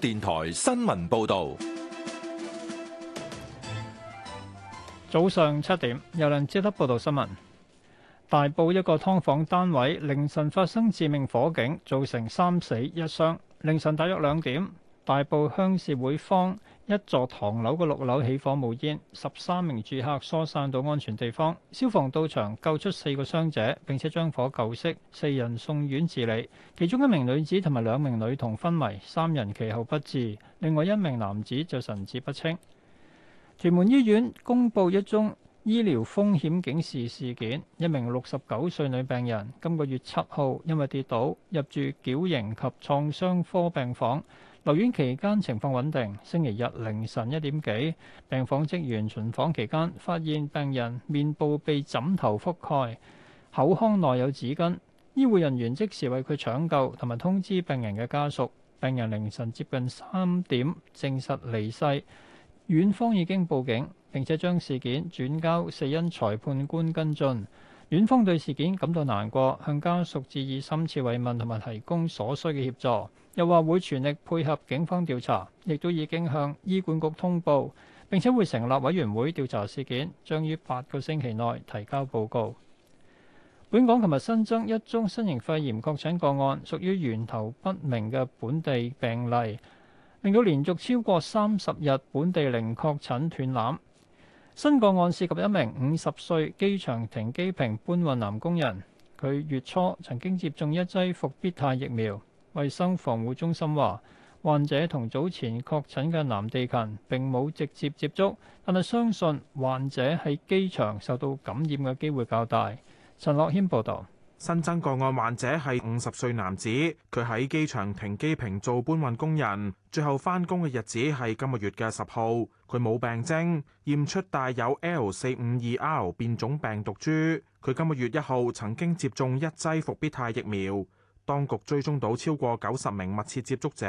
電台新聞報道，早上七點，由梁志德報道新聞。大埔一個劏房單位凌晨發生致命火警，造成三死一傷。凌晨大約兩點，大埔鄉事會坊一座唐樓嘅六樓起火冒煙，十三名住客疏散到安全地方。消防到場救出四個傷者，並且將火救熄。四人送院治理，其中一名女子同埋兩名女童昏迷，三人其後不治。另外一名男子就神志不清。屯門醫院公佈一宗醫療風險警示事件，一名六十九歲女病人今個月七號因為跌倒入住矯形及創傷科病房。留院期間情況穩定。星期日凌晨一點幾，病房職員巡訪期間發現病人面部被枕頭覆蓋，口腔內有紙巾。醫護人員即時為佢搶救，同埋通知病人嘅家屬。病人凌晨接近三點證實離世。院方已經報警，並且將事件轉交死因裁判官跟進。院方對事件感到難過，向家屬致以深切慰問，同埋提供所需嘅協助。又話會全力配合警方調查，亦都已經向醫管局通報，並且會成立委員會調查事件，將於八個星期內提交報告。本港琴日新增一宗新型肺炎確診個案，屬於源頭不明嘅本地病例，令到連續超過三十日本地零確診斷纜。新個案涉及一名五十歲機場停機坪搬運男工人，佢月初曾經接種一劑復必泰疫苗。衛生防護中心話，患者同早前確診嘅男地勤並冇直接接觸，但係相信患者喺機場受到感染嘅機會較大。陳樂軒報導，新增個案患者係五十歲男子，佢喺機場停機坪做搬運工人，最後返工嘅日子係今個月嘅十號。佢冇病徵，驗出帶有 L 四五二 R 變種病毒株。佢今個月一號曾經接種一劑復必泰疫苗。當局追蹤到超過九十名密切接觸者，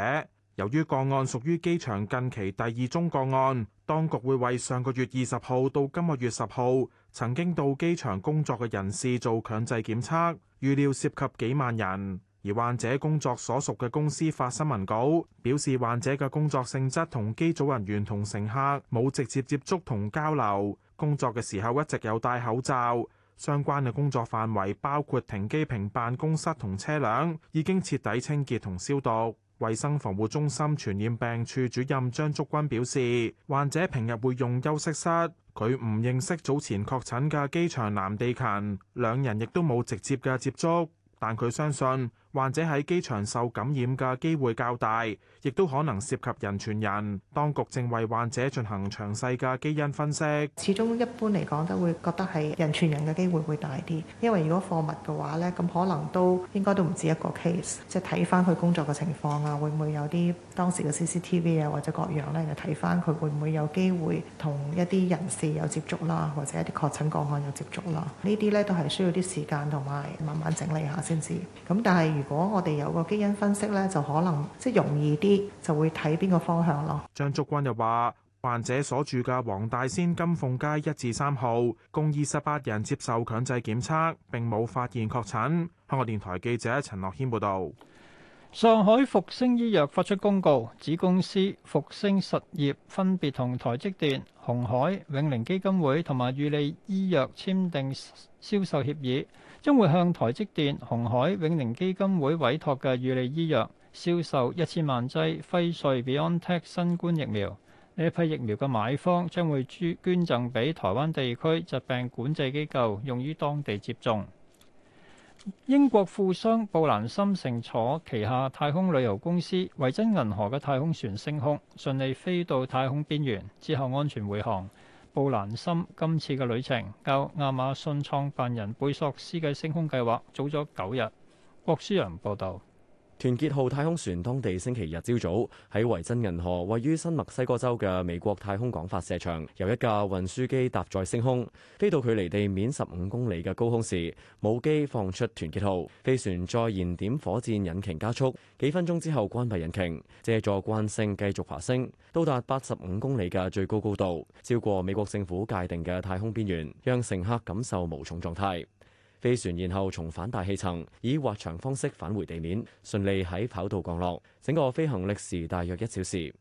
由於個案屬於機場近期第二宗個案，當局會為上個月二十號到今個月十號曾經到機場工作嘅人士做強制檢測，預料涉及幾萬人。而患者工作所屬嘅公司發新聞稿，表示，患者嘅工作性質同機組人員同乘客冇直接接觸同交流，工作嘅時候一直有戴口罩。相關嘅工作範圍包括停機坪、辦公室同車輛，已經徹底清潔同消毒。衛生防護中心傳染病處主任張竹君表示，患者平日會用休息室，佢唔認識早前確診嘅機場南地勤，兩人亦都冇直接嘅接觸，但佢相信。患者喺機場受感染嘅機會較大，亦都可能涉及人傳人。當局正為患者進行詳細嘅基因分析。始終一般嚟講都會覺得係人傳人嘅機會會大啲，因為如果貨物嘅話咧，咁可能都應該都唔止一個 case。即係睇返佢工作嘅情況啊，會唔會有啲當時嘅 CCTV 啊或者各樣咧，就睇返佢會唔會有機會同一啲人士有接觸啦，或者一啲確診個案有接觸啦。呢啲咧都係需要啲時間同埋慢慢整理下先至。咁但係。如果我哋有個基因分析咧，就可能即係容易啲，就會睇邊個方向咯。張竹君又話：患者所住嘅黃大仙金鳳街一至三號，共二十八人接受強制檢測，並冇發現確診。香港電台記者陳樂軒報導。上海復星醫藥發出公告，子公司復星實業分別同台積電、紅海、永寧基金會同埋預利醫藥簽訂銷售協議，將會向台積電、紅海、永寧基金會委託嘅預利醫藥銷售一千萬劑輝瑞 BioNTech 新冠疫苗。呢一批疫苗嘅買方將會捐捐贈俾台灣地區疾病管制機構，用於當地接種。英國富商布蘭森乘坐旗下太空旅遊公司維珍銀河嘅太空船升空，順利飛到太空邊緣之後安全回航。布蘭森今次嘅旅程較亞馬遜創辦人貝索斯嘅升空計劃早咗九日。郭書陽報道。團結號太空船當地星期日朝早喺維珍銀河位於新墨西哥州嘅美國太空港發射場，由一架運輸機搭載升空，飛到距離地面十五公里嘅高空時，母機放出團結號，飛船再燃點火箭引擎加速，幾分鐘之後關閉引擎，借助慣性繼續爬升，到達八十五公里嘅最高高度，超過美國政府界定嘅太空邊緣，讓乘客感受無重狀態。飛船然後重返大氣層，以滑翔方式返回地面，順利喺跑道降落。整個飛行歷時大約一小時。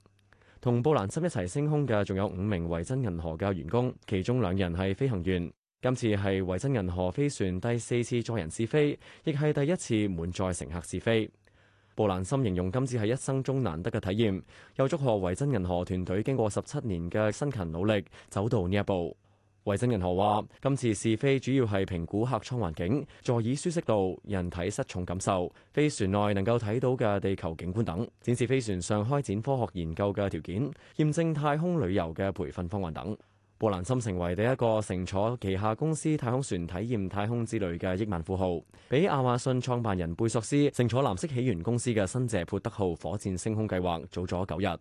同布蘭森一齊升空嘅仲有五名維珍銀河嘅員工，其中兩人係飛行員。今次係維珍銀河飛船第四次載人試飛，亦係第一次滿載乘客試飛。布蘭森形容今次係一生中難得嘅體驗，又祝賀維珍銀河團隊經過十七年嘅辛勤努力，走到呢一步。維珍銀河話：今次試飛主要係評估客艙環境、座椅舒適度、人體失重感受、飛船內能夠睇到嘅地球景觀等，展示飛船上開展科學研究嘅條件，驗證太空旅遊嘅培訓方案等。布蘭森成為第一個乘坐旗下公司太空船體驗太空之旅嘅億萬富豪，比亞馬遜創辦人貝索斯乘坐藍色起源公司嘅新謝潑德號火箭升空計劃早咗九日。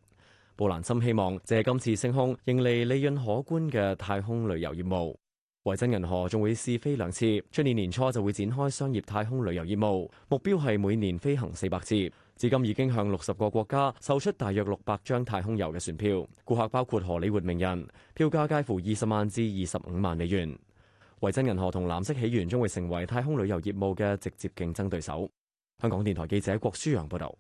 布蘭森希望借今次升空，迎嚟利潤可觀嘅太空旅遊業務。維珍銀河仲會試飛兩次，出年年初就會展開商業太空旅遊業務，目標係每年飛行四百次。至今已經向六十個國家售出大約六百張太空遊嘅船票，顧客包括荷里活名人，票價介乎二十萬至二十五萬美元。維珍銀河同藍色起源將會成為太空旅遊業務嘅直接競爭對手。香港電台記者郭舒揚報道。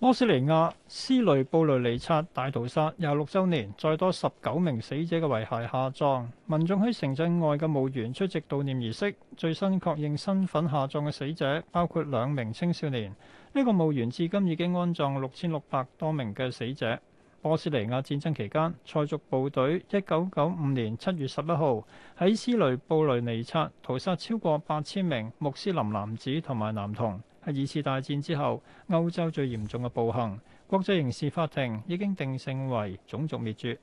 波斯尼亞斯雷布雷尼察大屠殺廿六週年，再多十九名死者嘅遺骸下葬。民眾喺城鎮外嘅墓園出席悼念儀式。最新確認身份下葬嘅死者包括兩名青少年。呢個墓園至今已經安葬六千六百多名嘅死者。波斯尼亞戰爭期間，塞族部隊一九九五年七月十一號喺斯雷布雷尼察屠殺超過八千名穆斯林男子同埋男童。二次大戰之後，歐洲最嚴重嘅暴行，國際刑事法庭已經定性為種族滅絕。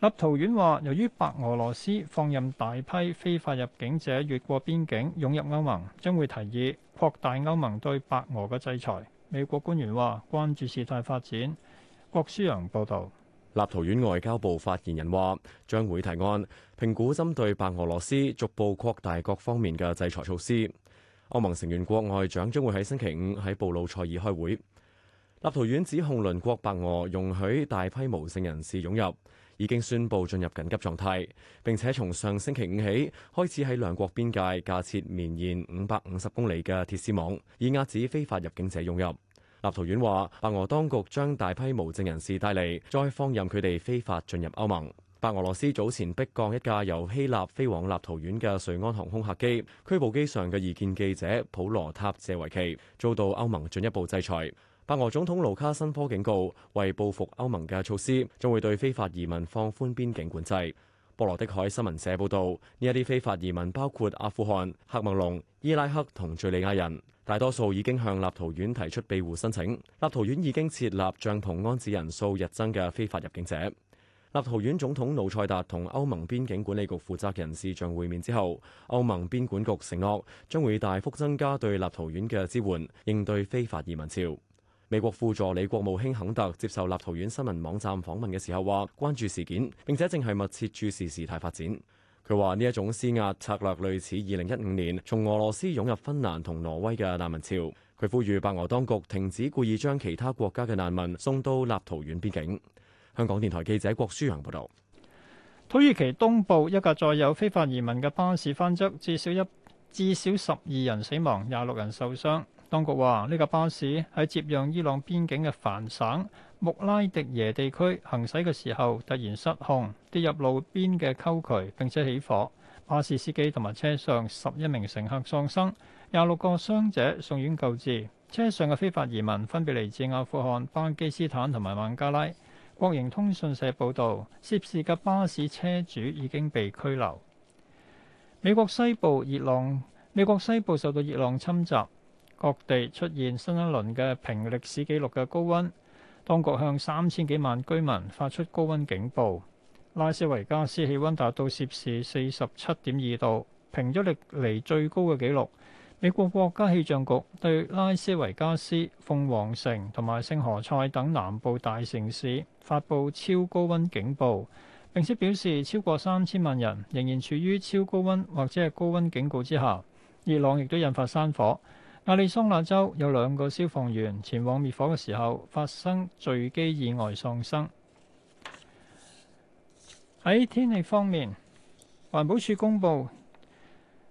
立陶宛話，由於白俄羅斯放任大批非法入境者越過邊境，湧入歐盟，將會提議擴大歐盟對白俄嘅制裁。美國官員話，關注事態發展。郭舒陽報導。立陶宛外交部發言人話，將會提案評估針對白俄羅斯逐步擴大各方面嘅制裁措施。歐盟成員國外長將會喺星期五喺布魯塞爾開會。立陶宛指控鄰國白俄容許大批無證人士湧入，已經宣布進入緊急狀態，並且從上星期五起開始喺兩國邊界架設綿延五百五十公里嘅鐵絲網，以遏止非法入境者湧入。立陶宛話，白俄當局將大批無證人士帶嚟，再放任佢哋非法進入歐盟。白俄羅斯早前逼降一架由希臘飛往立陶宛嘅瑞安航空客機，拘捕機上嘅異見記者普羅塔謝維奇，遭到歐盟進一步制裁。白俄總統盧卡申科警告，為報復歐盟嘅措施，將會對非法移民放寬邊境管制。波羅的海新聞社報道，呢一啲非法移民包括阿富汗、黑孟龍、伊拉克同敍利亞人，大多數已經向立陶宛提出庇護申請。立陶宛已經設立帳篷安置人數日增嘅非法入境者。立陶宛總統瑙塞達同歐盟邊境管理局負責人視像會面之後，歐盟邊管局承諾將會大幅增加對立陶宛嘅支援，應對非法移民潮。美國副助理國務卿肯特接受立陶宛新聞網站訪問嘅時候話，關注事件，並且正係密切注視事態發展。佢話呢一種施壓策略類似二零一五年從俄羅斯湧入芬蘭同挪威嘅難民潮。佢呼籲白俄當局停止故意將其他國家嘅難民送到立陶宛邊境。香港電台記者郭書恒報道：土耳其東部一架載有非法移民嘅巴士翻側，至少一至少十二人死亡，廿六人受傷。當局話呢架巴士喺接壤伊朗邊境嘅凡省穆拉迪耶地區行駛嘅時候突然失控，跌入路邊嘅溝渠，並且起火。巴士司機同埋車上十一名乘客喪生，廿六個傷者送院救治。車上嘅非法移民分別嚟自阿富汗、巴基斯坦同埋孟加拉。國營通訊社報導，涉事嘅巴士車主已經被拘留。美國西部熱浪，美國西部受到熱浪侵襲，各地出現新一輪嘅平歷史記錄嘅高温，當局向三千幾萬居民發出高温警報。拉斯維加斯氣溫達到攝氏四十七點二度，平咗歷嚟最高嘅記錄。美國國家氣象局對拉斯維加斯、鳳凰城同埋聖何塞等南部大城市發佈超高温警報，並且表示超過三千萬人仍然處於超高温或者係高温警告之下。熱浪亦都引發山火，亞利桑那州有兩個消防員前往滅火嘅時候發生墜機意外喪生。喺天氣方面，環保署公佈。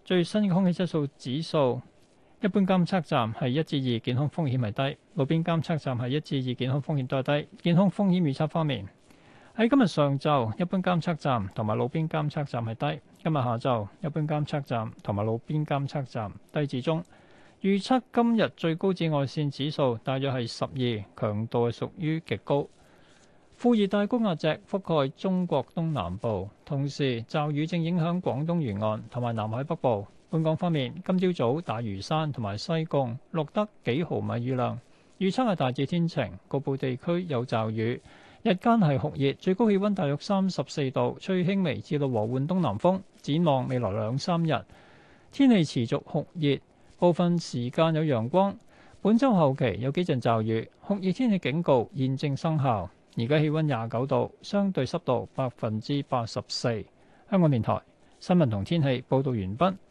最新嘅空氣質素指數一般監測站係一至二，2, 健康風險係低；路邊監測站係一至二，2, 健康風險都係低。健康風險預測方面，喺今日上晝一般監測站同埋路邊監測站係低；今日下晝一般監測站同埋路邊監測站低至中。預測今日最高紫外線指數大約係十二，強度係屬於極高。副熱帶高壓脊覆蓋中國東南部，同時驟雨正影響廣東沿岸同埋南海北部。本港方面，今朝早大嶼山同埋西貢錄得幾毫米雨量，預測係大致天晴，局部地區有驟雨。日間係酷熱，最高氣温大約三十四度，吹輕微至到和緩東南風。展望未來兩三日，天氣持續酷熱，部分時間有陽光。本週後期有幾陣驟雨，酷熱天氣警告現正生效。而家氣溫廿九度，相對濕度百分之八十四。香港電台新聞同天氣報道完畢。